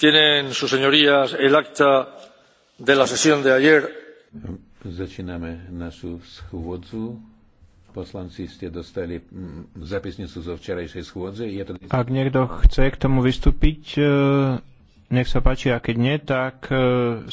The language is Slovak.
Tienen sus señorías el acta de la sesión de ayer. Začíname našu schôdzu. Poslanci ste dostali zapisnicu zo včerajšej schôdze. Je to... Ak niekto chce k tomu vystúpiť, e, nech sa páči, a keď nie, tak e,